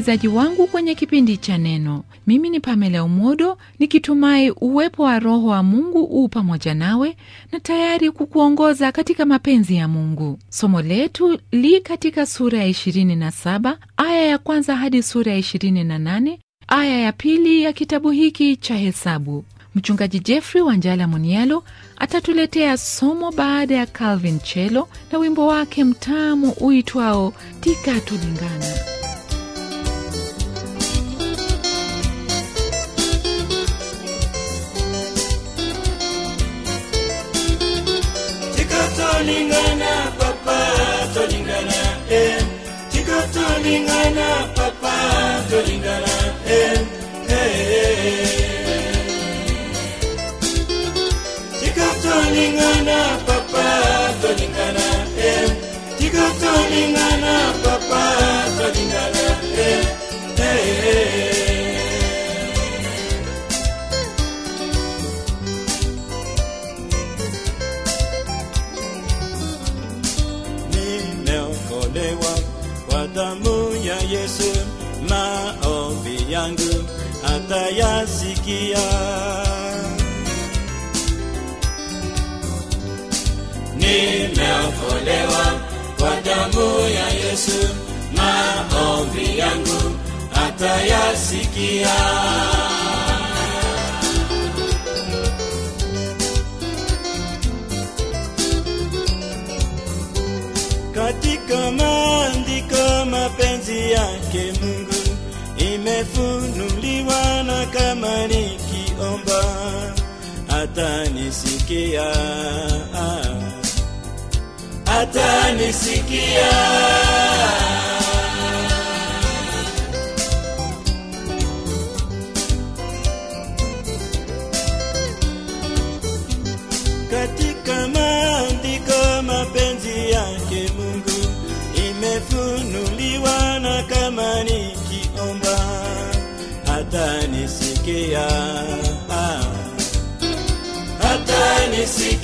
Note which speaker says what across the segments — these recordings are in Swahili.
Speaker 1: msikilizaji wangu kwenye kipindi cha Neno. Mimi ni Pamela Umodo, nikitumai uwepo wa Roho wa Mungu huu pamoja nawe na tayari kukuongoza katika mapenzi ya Mungu. Somo letu li katika sura ya 27 aya ya kwanza hadi sura ya 28 aya ya pili ya kitabu hiki cha Hesabu. Mchungaji Jeffrey Wanjala Munialo atatuletea somo baada ya Calvin Chelo na wimbo wake mtamu uitwao Tika Tulingana. tolingana papa tolingana eh. tika tolingana papa tolingana eh. tika tolingana papa tolingana eh. tika tolingana papa dunia nimeokolewa kwa damu ya yesu maombi yangu atayasikia katika maandiko mapenzi yake mungu imefunuliwa na kamani atanisikia atanisikia katika maandiko mapenzi yake Mungu imefunuliwa na kama nikiomba atanisikia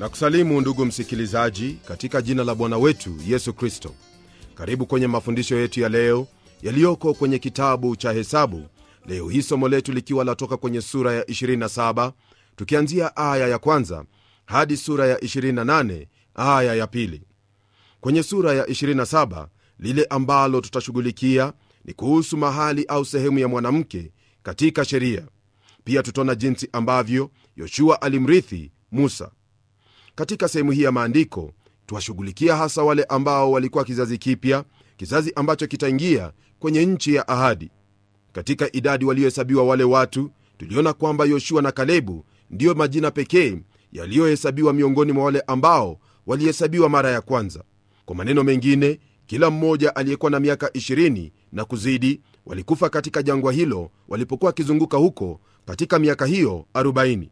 Speaker 2: na kusalimu ndugu msikilizaji katika jina la bwana wetu yesu kristo karibu kwenye mafundisho yetu ya leo yaliyoko kwenye kitabu cha hesabu leo hii somo letu likiwa latoka kwenye sura ya 27 tukianzia aya ya kwanza hadi sura ya 28 aya ya pili kwenye sura ya 27 lile ambalo tutashughulikia ni kuhusu mahali au sehemu ya mwanamke katika sheria. Pia tutaona jinsi ambavyo Yoshua alimrithi Musa. Katika sehemu hii ya maandiko tuwashughulikia hasa wale ambao walikuwa kizazi kipya, kizazi ambacho kitaingia kwenye nchi ya ahadi. Katika idadi waliohesabiwa wale watu, tuliona kwamba Yoshua na Kalebu ndiyo majina pekee yaliyohesabiwa miongoni mwa wale ambao walihesabiwa mara ya kwanza. Kwa maneno mengine, kila mmoja aliyekuwa na miaka 20 na kuzidi walikufa katika jangwa hilo walipokuwa wakizunguka huko katika miaka hiyo 40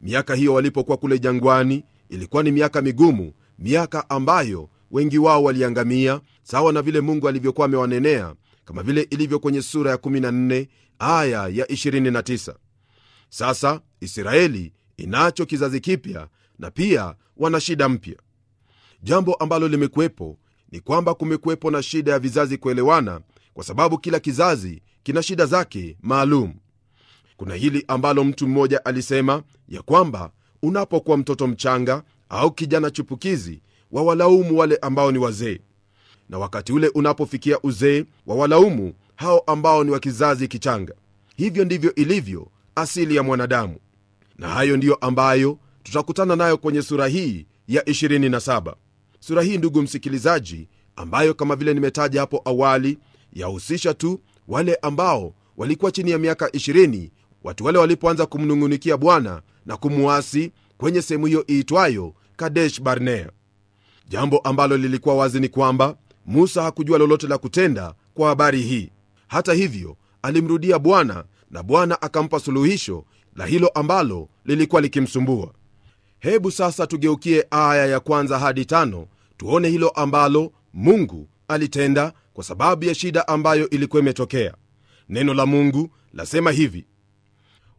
Speaker 2: miaka hiyo walipokuwa kule jangwani ilikuwa ni miaka migumu miaka ambayo wengi wao waliangamia sawa na vile mungu alivyokuwa amewanenea kama vile ilivyo kwenye sura ya 14 aya ya 29 sasa israeli inacho kizazi kipya na pia wana shida mpya jambo ambalo limekuwepo ni kwamba kumekuwepo na shida ya vizazi kuelewana, kwa sababu kila kizazi kina shida zake maalum. Kuna hili ambalo mtu mmoja alisema ya kwamba unapokuwa mtoto mchanga au kijana chupukizi wawalaumu wale ambao ni wazee, na wakati ule unapofikia uzee, wawalaumu hao ambao ni wa kizazi kichanga. Hivyo ndivyo ilivyo asili ya mwanadamu, na hayo ndiyo ambayo tutakutana nayo kwenye sura hii ya 27 sura hii ndugu msikilizaji ambayo kama vile nimetaja hapo awali yahusisha tu wale ambao walikuwa chini ya miaka 20 watu wale walipoanza kumnung'unikia bwana na kumuasi kwenye sehemu hiyo iitwayo kadesh barnea jambo ambalo lilikuwa wazi ni kwamba musa hakujua lolote la kutenda kwa habari hii hata hivyo alimrudia bwana na bwana akampa suluhisho la hilo ambalo lilikuwa likimsumbua hebu sasa tugeukie aya ya kwanza hadi tano tuone hilo ambalo mungu alitenda kwa sababu ya shida ambayo ilikuwa imetokea neno la mungu lasema hivi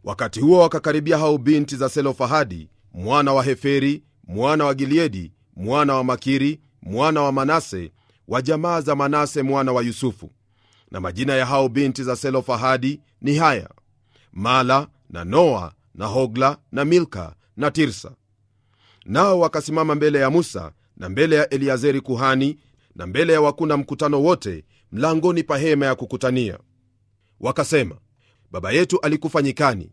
Speaker 2: wakati huo wakakaribia hao binti za selofahadi mwana wa heferi mwana wa giliedi mwana wa makiri mwana wa manase wa jamaa za manase mwana wa yusufu na majina ya hao binti za selofahadi ni haya mala na noa na hogla na milka na tirsa nao wakasimama mbele ya musa na mbele ya Eliazeri kuhani na mbele ya wakuna mkutano wote mlangoni pa hema ya kukutania. Wakasema, baba yetu alikufa nyikani,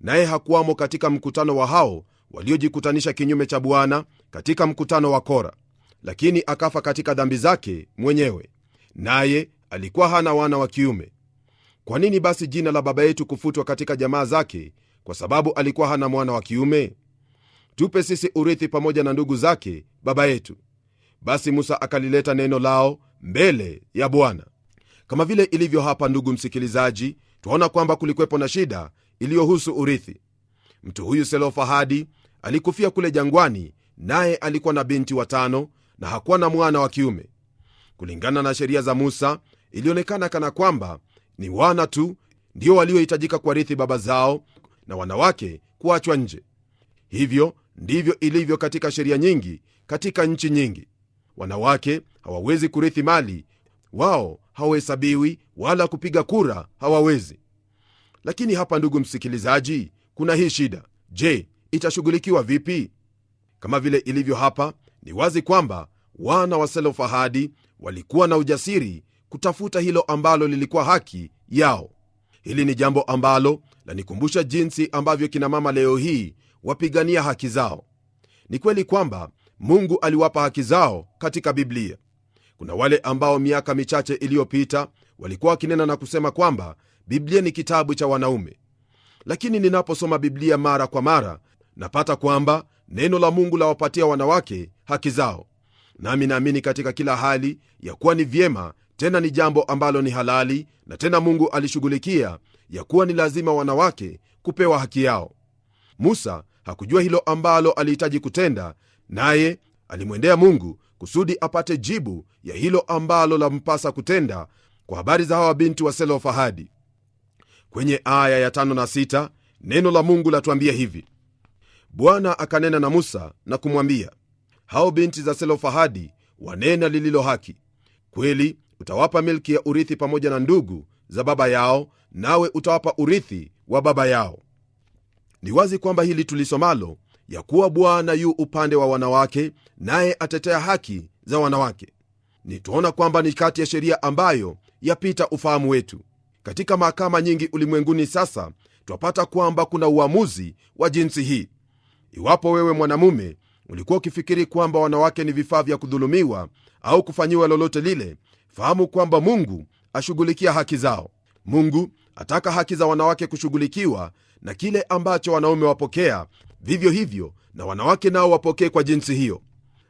Speaker 2: naye hakuwamo katika mkutano wa hao waliojikutanisha kinyume cha Bwana katika mkutano wa Kora, lakini akafa katika dhambi zake mwenyewe, naye alikuwa hana wana wa kiume. Kwa nini basi jina la baba yetu kufutwa katika jamaa zake, kwa sababu alikuwa hana mwana wa kiume? tupe sisi urithi pamoja na ndugu zake baba yetu. Basi Musa akalileta neno lao mbele ya Bwana. Kama vile ilivyo hapa, ndugu msikilizaji, twaona kwamba kulikwepo na shida iliyohusu urithi. Mtu huyu Selofahadi alikufia kule jangwani, naye alikuwa na binti watano na hakuwa na mwana wa kiume. Kulingana na sheria za Musa, ilionekana kana kwamba ni wana tu ndio waliohitajika kuwarithi baba zao na wanawake kuachwa nje. Hivyo Ndivyo ilivyo katika sheria nyingi katika nchi nyingi. Wanawake hawawezi kurithi mali, wao hawahesabiwi wala kupiga kura hawawezi. Lakini hapa, ndugu msikilizaji, kuna hii shida. Je, itashughulikiwa vipi? Kama vile ilivyo hapa, ni wazi kwamba wana wa Selofahadi walikuwa na ujasiri kutafuta hilo ambalo lilikuwa haki yao. Hili ni jambo ambalo lanikumbusha jinsi ambavyo kinamama leo hii wapigania haki zao. Ni kweli kwamba Mungu aliwapa haki zao katika Biblia. Kuna wale ambao miaka michache iliyopita walikuwa wakinena na kusema kwamba Biblia ni kitabu cha wanaume, lakini ninaposoma Biblia mara kwa mara napata kwamba neno la Mungu lawapatia wanawake haki zao, nami naamini katika kila hali ya kuwa ni vyema, tena ni jambo ambalo ni halali, na tena Mungu alishughulikia ya kuwa ni lazima wanawake kupewa haki yao. Musa hakujua hilo ambalo alihitaji kutenda, naye alimwendea Mungu kusudi apate jibu ya hilo ambalo lampasa kutenda. Kwa habari za hawa binti wa Selofahadi, kwenye aya ya tano na sita neno la Mungu latuambia hivi: Bwana akanena na Musa na kumwambia, hao binti za Selofahadi wanena lililo haki kweli, utawapa milki ya urithi pamoja na ndugu za baba yao, nawe utawapa urithi wa baba yao. Ni wazi kwamba hili tulisomalo ya kuwa Bwana yu upande wa wanawake, naye atetea haki za wanawake, ni tuona kwamba ni kati ya sheria ambayo yapita ufahamu wetu. Katika mahakama nyingi ulimwenguni sasa twapata kwamba kuna uamuzi wa jinsi hii. Iwapo wewe mwanamume ulikuwa ukifikiri kwamba wanawake ni vifaa vya kudhulumiwa au kufanyiwa lolote lile, fahamu kwamba Mungu ashughulikia haki zao. Mungu ataka haki za wanawake kushughulikiwa na kile ambacho wanaume wapokea, vivyo hivyo na wanawake nao wapokee kwa jinsi hiyo.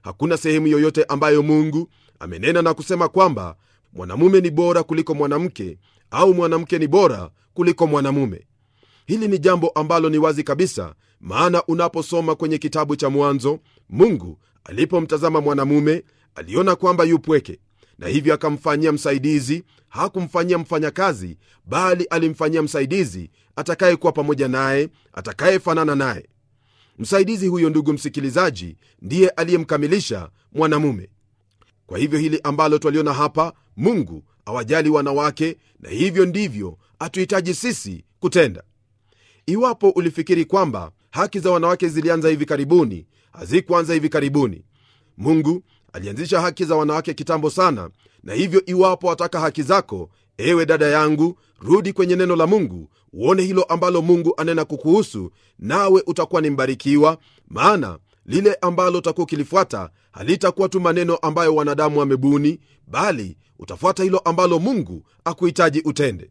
Speaker 2: Hakuna sehemu yoyote ambayo Mungu amenena na kusema kwamba mwanamume ni bora kuliko mwanamke au mwanamke ni bora kuliko mwanamume. Hili ni jambo ambalo ni wazi kabisa, maana unaposoma kwenye kitabu cha Mwanzo, Mungu alipomtazama mwanamume aliona kwamba yupweke na hivyo akamfanyia msaidizi hakumfanyia mfanyakazi bali alimfanyia msaidizi atakayekuwa pamoja naye atakayefanana naye msaidizi huyo ndugu msikilizaji ndiye aliyemkamilisha mwanamume kwa hivyo hili ambalo twaliona hapa mungu awajali wanawake na hivyo ndivyo atuhitaji sisi kutenda iwapo ulifikiri kwamba haki za wanawake zilianza hivi karibuni hazikuanza hivi karibuni mungu alianzisha haki za wanawake kitambo sana na hivyo iwapo wataka haki zako ewe dada yangu rudi kwenye neno la mungu uone hilo ambalo mungu anena kukuhusu nawe utakuwa ni mbarikiwa maana lile ambalo utakuwa ukilifuata halitakuwa tu maneno ambayo wanadamu wamebuni bali utafuata hilo ambalo mungu akuhitaji utende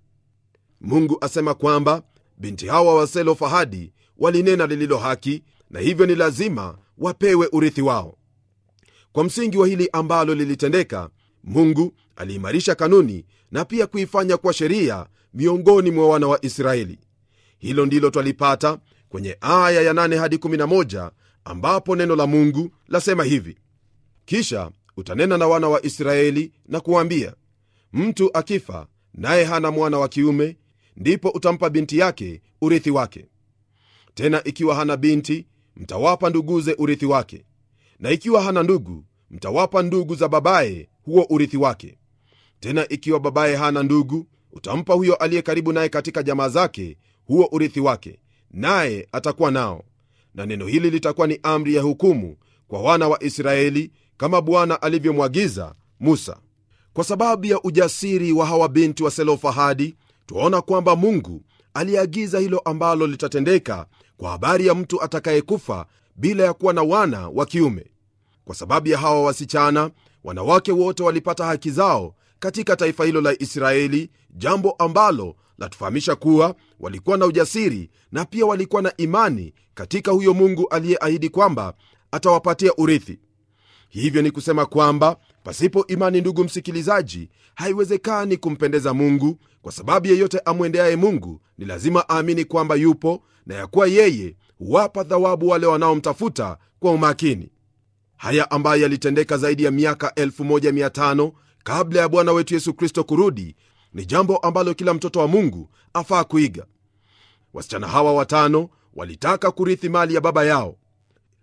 Speaker 2: mungu asema kwamba binti hawa waselofahadi walinena lililo haki na hivyo ni lazima wapewe urithi wao kwa msingi wa hili ambalo lilitendeka mungu aliimarisha kanuni na pia kuifanya kwa sheria miongoni mwa wana wa israeli hilo ndilo twalipata kwenye aya ya 8 hadi 11 ambapo neno la mungu lasema hivi kisha utanena na wana wa israeli na kuwambia mtu akifa naye hana mwana wa kiume ndipo utampa binti yake urithi wake tena ikiwa hana binti mtawapa nduguze urithi wake na ikiwa hana ndugu, mtawapa ndugu za babaye huo urithi wake. Tena ikiwa babaye hana ndugu, utampa huyo aliye karibu naye katika jamaa zake huo urithi wake, naye atakuwa nao. Na neno hili litakuwa ni amri ya hukumu kwa wana wa Israeli kama Bwana alivyomwagiza Musa. Kwa sababu ya ujasiri wa hawa binti wa Selofahadi, twaona kwamba Mungu aliagiza hilo ambalo litatendeka kwa habari ya mtu atakayekufa bila ya kuwa na wana wa kiume kwa sababu ya hawa wasichana wanawake wote walipata haki zao katika taifa hilo la israeli jambo ambalo latufahamisha kuwa walikuwa na ujasiri na pia walikuwa na imani katika huyo mungu aliyeahidi kwamba atawapatia urithi hivyo ni kusema kwamba pasipo imani ndugu msikilizaji haiwezekani kumpendeza mungu kwa sababu yeyote amwendeaye mungu ni lazima aamini kwamba yupo na ya kuwa yeye huwapa dhawabu wale wanaomtafuta kwa umakini haya ambayo yalitendeka zaidi ya miaka 1500 kabla ya Bwana wetu Yesu Kristo kurudi ni jambo ambalo kila mtoto wa Mungu afaa kuiga. Wasichana hawa watano walitaka kurithi mali ya baba yao.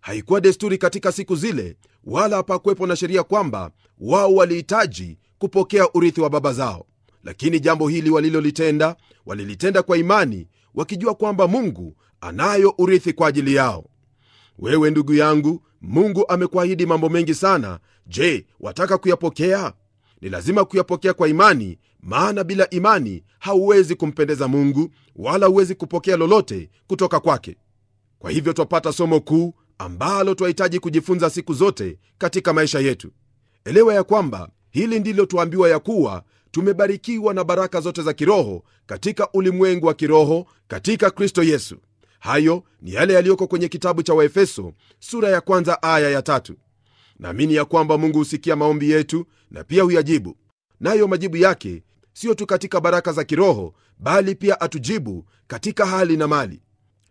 Speaker 2: Haikuwa desturi katika siku zile, wala hapakuwepo na sheria kwamba wao walihitaji kupokea urithi wa baba zao, lakini jambo hili walilolitenda, walilitenda kwa imani, wakijua kwamba Mungu anayo urithi kwa ajili yao. Wewe ndugu yangu, mungu amekuahidi mambo mengi sana je wataka kuyapokea ni lazima kuyapokea kwa imani maana bila imani hauwezi kumpendeza mungu wala huwezi kupokea lolote kutoka kwake kwa hivyo twapata somo kuu ambalo twahitaji kujifunza siku zote katika maisha yetu elewa ya kwamba hili ndilo tuambiwa ya kuwa tumebarikiwa na baraka zote za kiroho katika ulimwengu wa kiroho katika kristo yesu hayo ni yale yaliyoko kwenye kitabu cha waefeso sura ya kwanza aya ya tatu naamini ya kwamba mungu husikia maombi yetu na pia huyajibu nayo majibu yake siyo tu katika baraka za kiroho bali pia atujibu katika hali na mali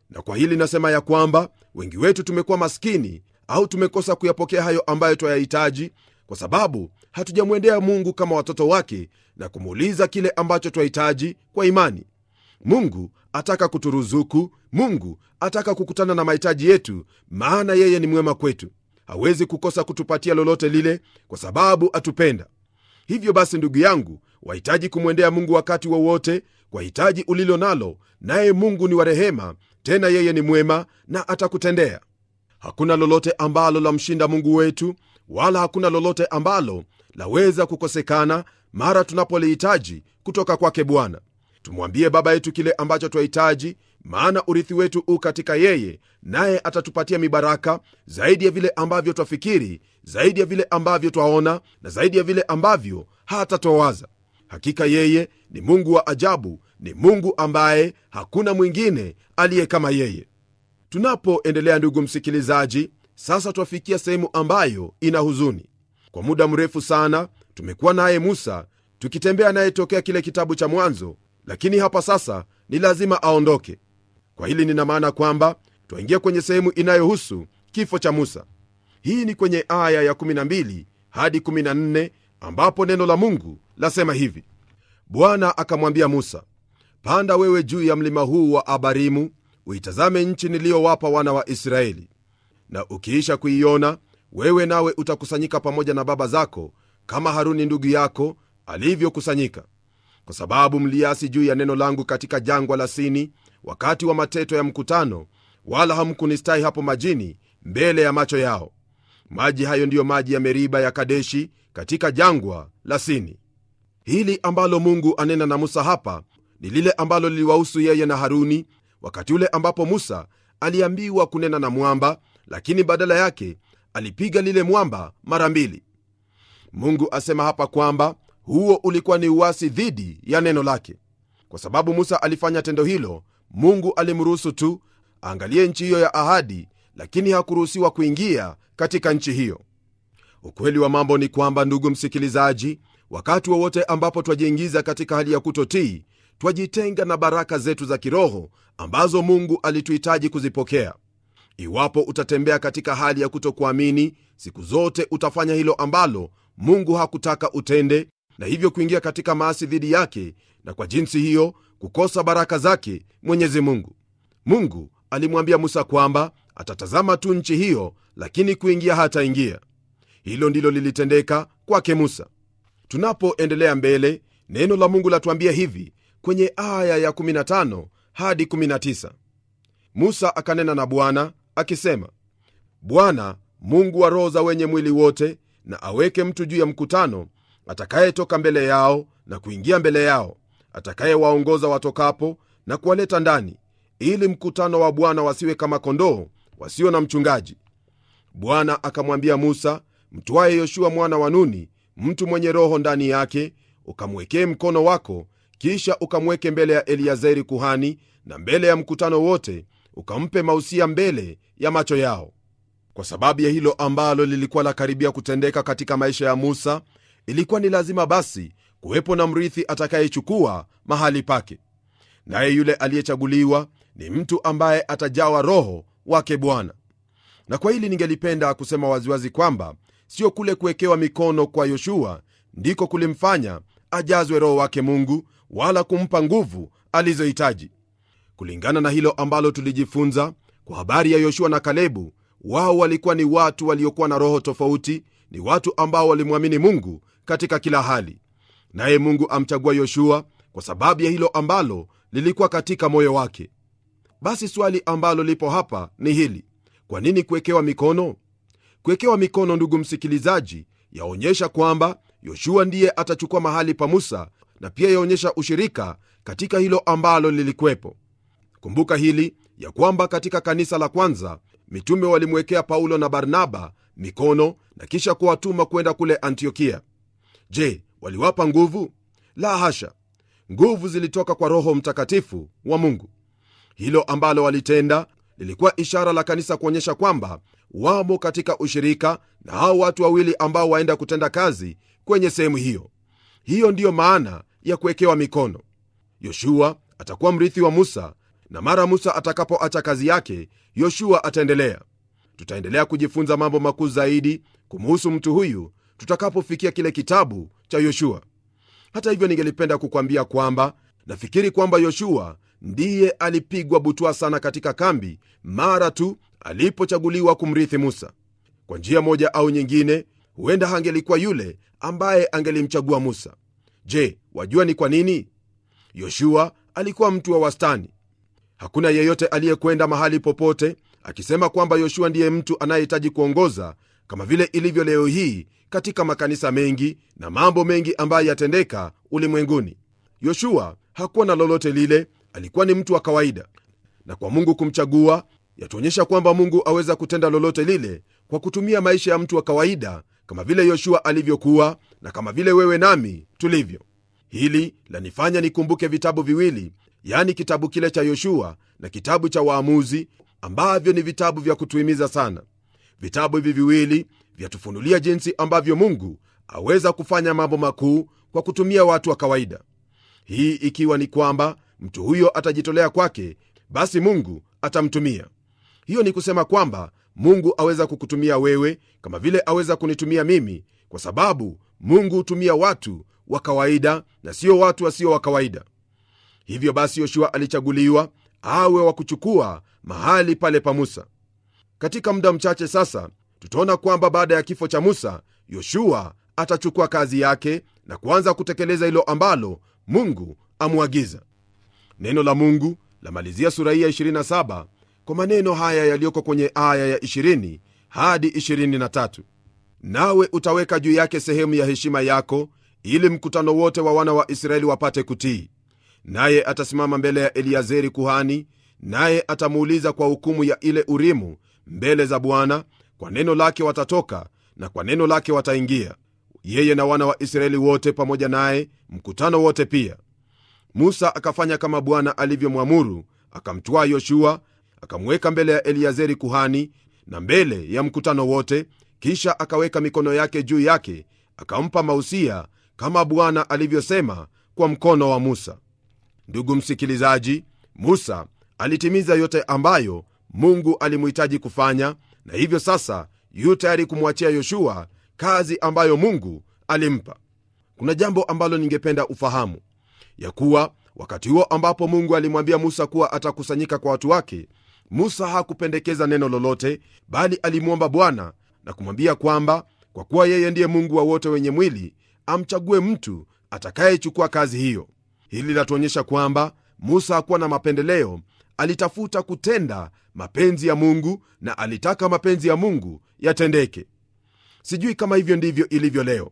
Speaker 2: na kwa hili nasema ya kwamba wengi wetu tumekuwa maskini au tumekosa kuyapokea hayo ambayo twayahitaji kwa sababu hatujamwendea mungu kama watoto wake na kumuuliza kile ambacho twahitaji kwa imani mungu ataka kuturuzuku mungu ataka kukutana na mahitaji yetu maana yeye ni mwema kwetu hawezi kukosa kutupatia lolote lile kwa sababu atupenda hivyo basi ndugu yangu wahitaji kumwendea mungu wakati wowote wa kwa hitaji ulilo nalo naye mungu ni wa rehema tena yeye ni mwema na atakutendea hakuna lolote ambalo lamshinda mungu wetu wala hakuna lolote ambalo laweza kukosekana mara tunapolihitaji kutoka kwake bwana tumwambie baba yetu kile ambacho twahitaji maana urithi wetu u katika yeye naye atatupatia mibaraka zaidi ya vile ambavyo twafikiri zaidi ya vile ambavyo twaona na zaidi ya vile ambavyo hata twawaza hakika yeye ni mungu wa ajabu ni mungu ambaye hakuna mwingine aliye kama yeye tunapoendelea ndugu msikilizaji sasa twafikia sehemu ambayo ina huzuni kwa muda mrefu sana tumekuwa naye musa tukitembea naye tokea kile kitabu cha mwanzo lakini hapa sasa ni lazima aondoke kwa hili nina maana kwamba twaingia kwenye sehemu inayohusu kifo cha musa hii ni kwenye aya ya 12 hadi 14 ambapo neno la mungu lasema hivi bwana akamwambia musa panda wewe juu ya mlima huu wa abarimu uitazame nchi niliyowapa wana wa israeli na ukiisha kuiona wewe nawe utakusanyika pamoja na baba zako kama haruni ndugu yako alivyokusanyika kwa sababu mliasi juu ya neno langu katika jangwa la Sini, wakati wa mateto ya mkutano, wala hamkunistahi hapo majini mbele ya macho yao. Maji hayo ndiyo maji ya Meriba ya Kadeshi katika jangwa la Sini. Hili ambalo Mungu anena na Musa hapa ni lile ambalo liliwahusu yeye na Haruni wakati ule ambapo Musa aliambiwa kunena na mwamba, lakini badala yake alipiga lile mwamba mara mbili. Mungu asema hapa kwamba huo ulikuwa ni uasi dhidi ya neno lake. Kwa sababu Musa alifanya tendo hilo, Mungu alimruhusu tu aangalie nchi hiyo ya ahadi, lakini hakuruhusiwa kuingia katika nchi hiyo. Ukweli wa mambo ni kwamba, ndugu msikilizaji, wakati wowote wa ambapo twajiingiza katika hali ya kutotii, twajitenga na baraka zetu za kiroho ambazo Mungu alituhitaji kuzipokea. Iwapo utatembea katika hali ya kutokuamini, siku zote utafanya hilo ambalo Mungu hakutaka utende, na hivyo kuingia katika maasi dhidi yake na kwa jinsi hiyo kukosa baraka zake mwenyezi mungu mungu alimwambia musa kwamba atatazama tu nchi hiyo lakini kuingia hataingia hilo ndilo lilitendeka kwake musa tunapoendelea mbele neno la mungu latuambia hivi kwenye aya ya 15 hadi 19 musa akanena na bwana akisema bwana mungu wa roho za wenye mwili wote na aweke mtu juu ya mkutano atakayetoka mbele yao na kuingia mbele yao, atakayewaongoza watokapo na kuwaleta ndani, ili mkutano wa Bwana wasiwe kama kondoo wasio na mchungaji. Bwana akamwambia Musa, mtwaye Yoshua mwana wa Nuni, mtu mwenye roho ndani yake, ukamwekee mkono wako, kisha ukamweke mbele ya Eliazeri kuhani na mbele ya mkutano wote, ukampe mausia mbele ya macho yao. Kwa sababu ya hilo ambalo lilikuwa la karibia kutendeka katika maisha ya Musa, ilikuwa ni lazima basi kuwepo na mrithi atakayechukua mahali pake, naye yule aliyechaguliwa ni mtu ambaye atajawa Roho wake Bwana. Na kwa hili ningelipenda kusema waziwazi kwamba sio kule kuwekewa mikono kwa Yoshua ndiko kulimfanya ajazwe Roho wake Mungu wala kumpa nguvu alizohitaji. Kulingana na hilo ambalo tulijifunza kwa habari ya Yoshua na Kalebu, wao walikuwa ni watu waliokuwa na roho tofauti, ni watu ambao walimwamini Mungu katika kila hali naye mungu amchagua yoshua kwa sababu ya hilo ambalo lilikuwa katika moyo wake basi swali ambalo lipo hapa ni hili kwa nini kuwekewa mikono kuwekewa mikono ndugu msikilizaji yaonyesha kwamba yoshua ndiye atachukua mahali pa musa na pia yaonyesha ushirika katika hilo ambalo lilikuwepo kumbuka hili ya kwamba katika kanisa la kwanza mitume walimwekea paulo na barnaba mikono na kisha kuwatuma kwenda kule antiokia je waliwapa nguvu la hasha nguvu zilitoka kwa roho mtakatifu wa mungu hilo ambalo walitenda lilikuwa ishara la kanisa kuonyesha kwamba wamo katika ushirika na hao watu wawili ambao waenda kutenda kazi kwenye sehemu hiyo hiyo ndiyo maana ya kuwekewa mikono yoshua atakuwa mrithi wa musa na mara musa atakapoacha kazi yake yoshua ataendelea tutaendelea kujifunza mambo makuu zaidi kumuhusu mtu huyu tutakapofikia kile kitabu cha yoshua hata hivyo ningelipenda kukwambia kwamba nafikiri kwamba yoshua ndiye alipigwa butwa sana katika kambi mara tu alipochaguliwa kumrithi musa kwa njia moja au nyingine huenda hangelikuwa yule ambaye angelimchagua musa je wajua ni kwa nini yoshua alikuwa mtu wa wastani hakuna yeyote aliyekwenda mahali popote akisema kwamba yoshua ndiye mtu anayehitaji kuongoza kama vile ilivyo leo hii katika makanisa mengi na mambo mengi ambayo yatendeka ulimwenguni. Yoshua hakuwa na lolote lile, alikuwa ni mtu wa kawaida, na kwa Mungu kumchagua yatuonyesha kwamba Mungu aweza kutenda lolote lile kwa kutumia maisha ya mtu wa kawaida kama vile Yoshua alivyokuwa na kama vile wewe nami tulivyo. Hili lanifanya nikumbuke vitabu viwili, yani kitabu kile cha Yoshua na kitabu cha Waamuzi, ambavyo ni vitabu vya kutuhimiza sana. Vitabu hivi viwili vyatufunulia jinsi ambavyo Mungu aweza kufanya mambo makuu kwa kutumia watu wa kawaida, hii ikiwa ni kwamba mtu huyo atajitolea kwake, basi Mungu atamtumia. Hiyo ni kusema kwamba Mungu aweza kukutumia wewe kama vile aweza kunitumia mimi, kwa sababu Mungu hutumia watu wa kawaida na sio watu wasio wa kawaida. Hivyo basi, Yoshua alichaguliwa awe wa kuchukua mahali pale pa Musa katika muda mchache sasa tutaona kwamba baada ya kifo cha musa yoshua atachukua kazi yake na kuanza kutekeleza hilo ambalo mungu amwagiza neno la mungu lamalizia sura hii ya 27 kwa maneno haya yaliyoko kwenye aya ya 20 hadi 23 nawe utaweka juu yake sehemu ya heshima yako ili mkutano wote wa wana wa israeli wapate kutii naye atasimama mbele ya eliazeri kuhani naye atamuuliza kwa hukumu ya ile urimu mbele za Bwana, kwa neno lake watatoka na kwa neno lake wataingia, yeye na wana wa Israeli wote pamoja naye, mkutano wote pia. Musa akafanya kama Bwana alivyomwamuru, akamtwaa Yoshua akamweka mbele ya Eliazeri kuhani na mbele ya mkutano wote, kisha akaweka mikono yake juu yake, akampa mausia kama Bwana alivyosema kwa mkono wa Musa. Ndugu msikilizaji, Musa alitimiza yote ambayo mungu alimuhitaji kufanya na hivyo sasa yu tayari kumwachia yoshua kazi ambayo mungu alimpa kuna jambo ambalo ningependa ufahamu ya kuwa wakati huo ambapo mungu alimwambia musa kuwa atakusanyika kwa watu wake musa hakupendekeza neno lolote bali alimwomba bwana na kumwambia kwamba kwa kuwa yeye ndiye mungu wa wote wenye mwili amchague mtu atakayechukua kazi hiyo hili linatuonyesha kwamba musa hakuwa na mapendeleo alitafuta kutenda mapenzi ya mungu na alitaka mapenzi ya mungu yatendeke sijui kama hivyo ndivyo ilivyo leo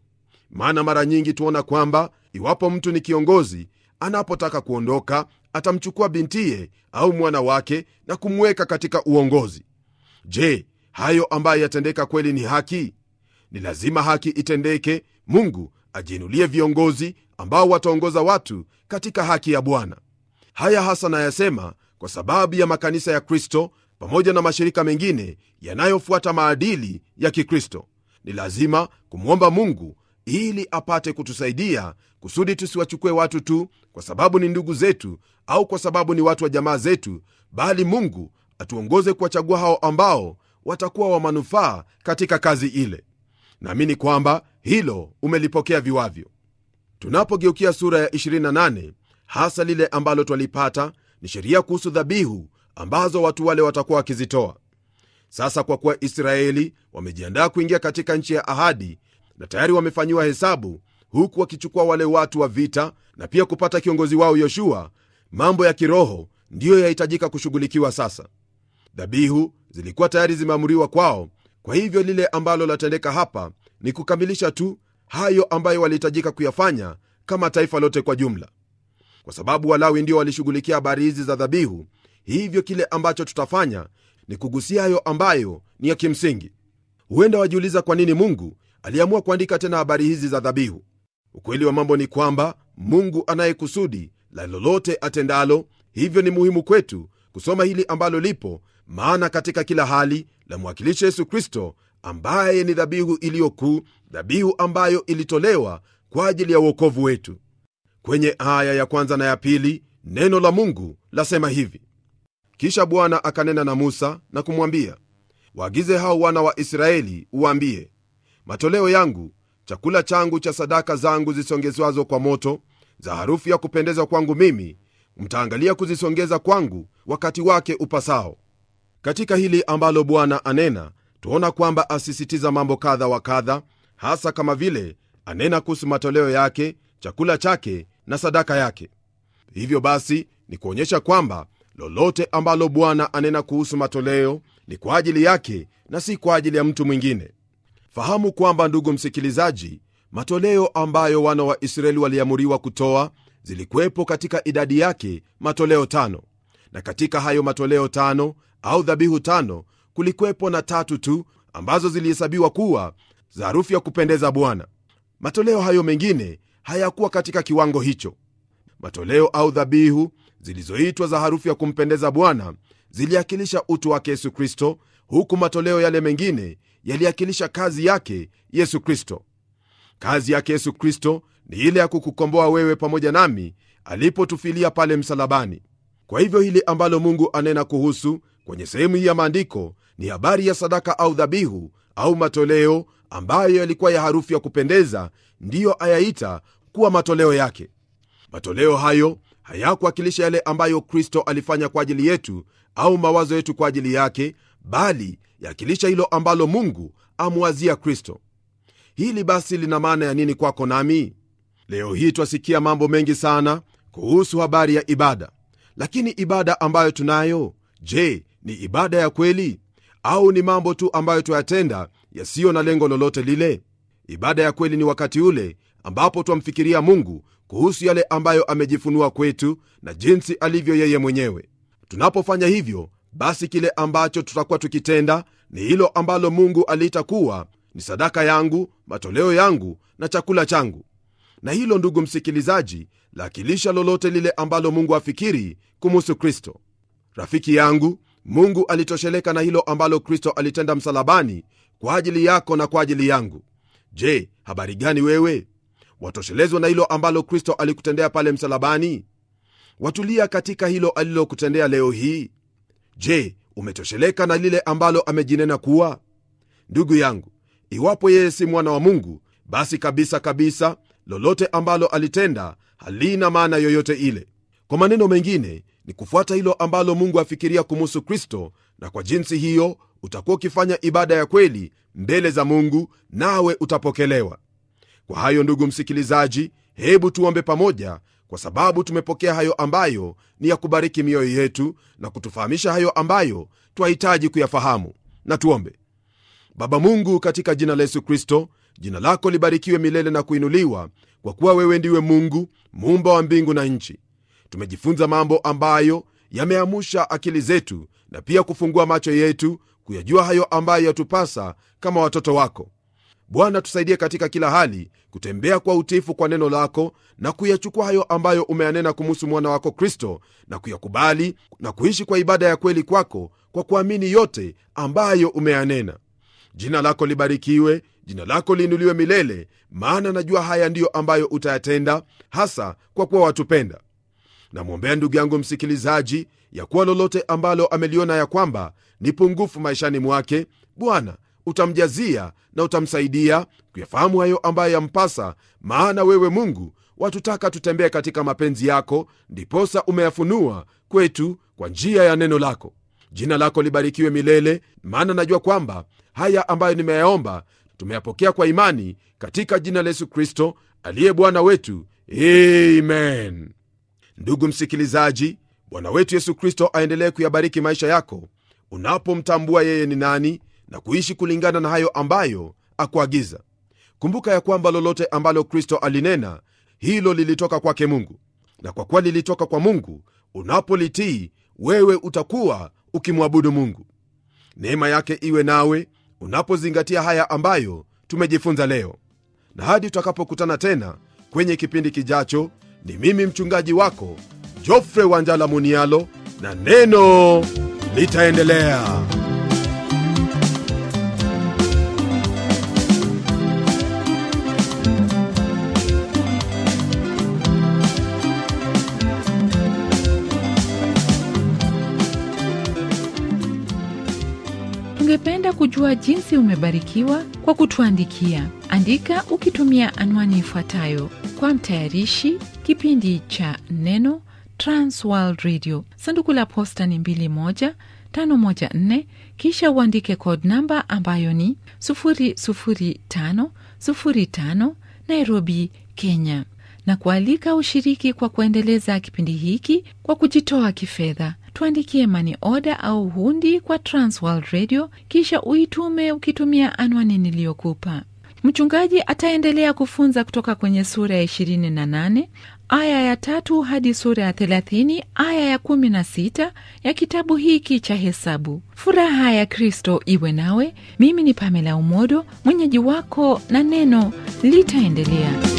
Speaker 2: maana mara nyingi tuona kwamba iwapo mtu ni kiongozi anapotaka kuondoka atamchukua bintiye au mwana wake na kumweka katika uongozi je hayo ambayo yatendeka kweli ni haki ni lazima haki itendeke mungu ajiinulie viongozi ambao wataongoza watu katika haki ya bwana haya hasa nayasema kwa sababu ya makanisa ya Kristo pamoja na mashirika mengine yanayofuata maadili ya Kikristo. Ni lazima kumwomba Mungu ili apate kutusaidia kusudi tusiwachukue watu tu kwa sababu ni ndugu zetu au kwa sababu ni watu wa jamaa zetu, bali Mungu atuongoze kuwachagua hao ambao watakuwa wa manufaa katika kazi ile. Naamini kwamba hilo umelipokea viwavyo. Tunapogeukia sura ya 28 hasa lile ambalo twalipata ni sheria kuhusu dhabihu ambazo watu wale watakuwa wakizitoa sasa kwa kuwa israeli wamejiandaa kuingia katika nchi ya ahadi na tayari wamefanyiwa hesabu huku wakichukua wale watu wa vita na pia kupata kiongozi wao yoshua mambo ya kiroho ndiyo yahitajika kushughulikiwa sasa dhabihu zilikuwa tayari zimeamuriwa kwao kwa hivyo lile ambalo latendeka hapa ni kukamilisha tu hayo ambayo walihitajika kuyafanya kama taifa lote kwa jumla kwa sababu walawi ndio walishughulikia habari hizi za dhabihu hivyo kile ambacho tutafanya ni kugusia hayo ambayo ni ya kimsingi huenda wajiuliza kwa nini mungu aliamua kuandika tena habari hizi za dhabihu ukweli wa mambo ni kwamba mungu anayekusudi la lolote atendalo hivyo ni muhimu kwetu kusoma hili ambalo lipo maana katika kila hali lamwakilisha yesu kristo ambaye ni dhabihu iliyokuu dhabihu ambayo ilitolewa kwa ajili ya uokovu wetu Kwenye aya ya kwanza na ya pili neno la Mungu lasema hivi: kisha Bwana akanena na Musa na kumwambia, waagize hao wana wa Israeli uwaambie, matoleo yangu, chakula changu cha sadaka zangu zisongezwazo kwa moto, za harufu ya kupendeza kwangu mimi, mtaangalia kuzisongeza kwangu wakati wake upasao. Katika hili ambalo Bwana anena, tuona kwamba asisitiza mambo kadha wa kadha, hasa kama vile anena kuhusu matoleo yake, chakula chake na sadaka yake. Hivyo basi ni kuonyesha kwamba lolote ambalo Bwana anena kuhusu matoleo ni kwa ajili yake na si kwa ajili ya mtu mwingine. Fahamu kwamba, ndugu msikilizaji, matoleo ambayo wana wa Israeli waliamuriwa kutoa zilikuwepo katika idadi yake matoleo tano, na katika hayo matoleo tano au dhabihu tano kulikuwepo na tatu tu ambazo zilihesabiwa kuwa za harufu ya kupendeza Bwana. Matoleo hayo mengine hayakuwa katika kiwango hicho. Matoleo au dhabihu zilizoitwa za harufu ya kumpendeza Bwana ziliakilisha utu wake Yesu Kristo, huku matoleo yale mengine yaliakilisha kazi yake Yesu Kristo. Kazi yake Yesu Kristo ni ile ya kukukomboa wewe pamoja nami alipotufilia pale msalabani. Kwa hivyo hili ambalo Mungu anena kuhusu kwenye sehemu hii ya maandiko ni habari ya sadaka au dhabihu au matoleo ambayo yalikuwa ya harufu ya kupendeza, ndiyo ayaita kuwa matoleo yake. Matoleo hayo hayakuwakilisha yale ambayo Kristo alifanya kwa ajili yetu au mawazo yetu kwa ajili yake, bali yakilisha hilo ambalo Mungu amwazia Kristo. Hili basi lina maana ya nini kwako nami? Leo hii twasikia mambo mengi sana kuhusu habari ya ibada, lakini ibada ambayo tunayo, je, ni ibada ya kweli au ni mambo tu ambayo twayatenda yasiyo na lengo lolote lile? Ibada ya kweli ni wakati ule ambapo twamfikiria mungu kuhusu yale ambayo amejifunua kwetu na jinsi alivyo yeye mwenyewe tunapofanya hivyo basi kile ambacho tutakuwa tukitenda ni hilo ambalo mungu aliita kuwa ni sadaka yangu matoleo yangu na chakula changu na hilo ndugu msikilizaji lakilisha lolote lile ambalo mungu afikiri kumuhusu kristo rafiki yangu mungu alitosheleka na hilo ambalo kristo alitenda msalabani kwa ajili yako na kwa ajili yangu je habari gani wewe watoshelezwa na hilo ambalo kristo alikutendea pale msalabani watulia katika hilo alilokutendea leo hii je umetosheleka na lile ambalo amejinena kuwa ndugu yangu iwapo yeye si mwana wa mungu basi kabisa kabisa lolote ambalo alitenda halina maana yoyote ile kwa maneno mengine ni kufuata hilo ambalo mungu afikiria kumuhusu kristo na kwa jinsi hiyo utakuwa ukifanya ibada ya kweli mbele za mungu nawe utapokelewa kwa hayo, ndugu msikilizaji, hebu tuombe pamoja, kwa sababu tumepokea hayo ambayo ni ya kubariki mioyo yetu na kutufahamisha hayo ambayo twahitaji kuyafahamu. Na tuombe. Baba Mungu, katika jina la Yesu Kristo, jina lako libarikiwe milele na kuinuliwa, kwa kuwa wewe ndiwe Mungu muumba wa mbingu na nchi. Tumejifunza mambo ambayo yameamusha akili zetu na pia kufungua macho yetu kuyajua hayo ambayo yatupasa kama watoto wako. Bwana, tusaidie katika kila hali kutembea kwa utifu kwa neno lako na kuyachukua hayo ambayo umeyanena kumuhusu mwana wako Kristo na kuyakubali na kuishi kwa ibada ya kweli kwako kwa kuamini yote ambayo umeyanena. Jina lako libarikiwe, jina lako liinuliwe milele, maana najua haya ndiyo ambayo utayatenda, hasa kwa kuwa watupenda. Namwombea ndugu yangu msikilizaji, ya kuwa lolote ambalo ameliona ya kwamba ni pungufu maishani mwake, Bwana utamjazia na utamsaidia kuyafahamu hayo ambayo yampasa maana wewe mungu watutaka tutembee katika mapenzi yako ndiposa umeyafunua kwetu kwa njia ya neno lako jina lako libarikiwe milele maana najua kwamba haya ambayo nimeyaomba tumeyapokea kwa imani katika jina la yesu kristo aliye bwana wetu amen ndugu msikilizaji bwana wetu yesu kristo aendelee kuyabariki maisha yako unapomtambua yeye ni nani na kuishi kulingana na hayo ambayo akuagiza. Kumbuka ya kwamba lolote ambalo Kristo alinena, hilo lilitoka kwake Mungu, na kwa kuwa lilitoka kwa Mungu, unapolitii wewe utakuwa ukimwabudu Mungu. Neema yake iwe nawe unapozingatia haya ambayo tumejifunza leo, na hadi tutakapokutana tena kwenye kipindi kijacho, ni mimi mchungaji wako Jofre Wanjala Munialo, na neno litaendelea.
Speaker 1: kujua jinsi umebarikiwa kwa kutuandikia. Andika ukitumia anwani ifuatayo: kwa mtayarishi kipindi cha Neno, Transworld Radio, sanduku la posta ni 21514, kisha uandike code namba ambayo ni 00505 Nairobi, Kenya na kualika ushiriki kwa kuendeleza kipindi hiki kwa kujitoa kifedha. Tuandikie mani oda au hundi kwa Transworld Radio, kisha uitume ukitumia anwani niliyokupa. Mchungaji ataendelea kufunza kutoka kwenye sura ya 28 aya ya tatu hadi sura ya 30 aya ya 16 ya kitabu hiki cha Hesabu. Furaha ya Kristo iwe nawe. Mimi ni Pamela Umodo, mwenyeji wako, na neno litaendelea.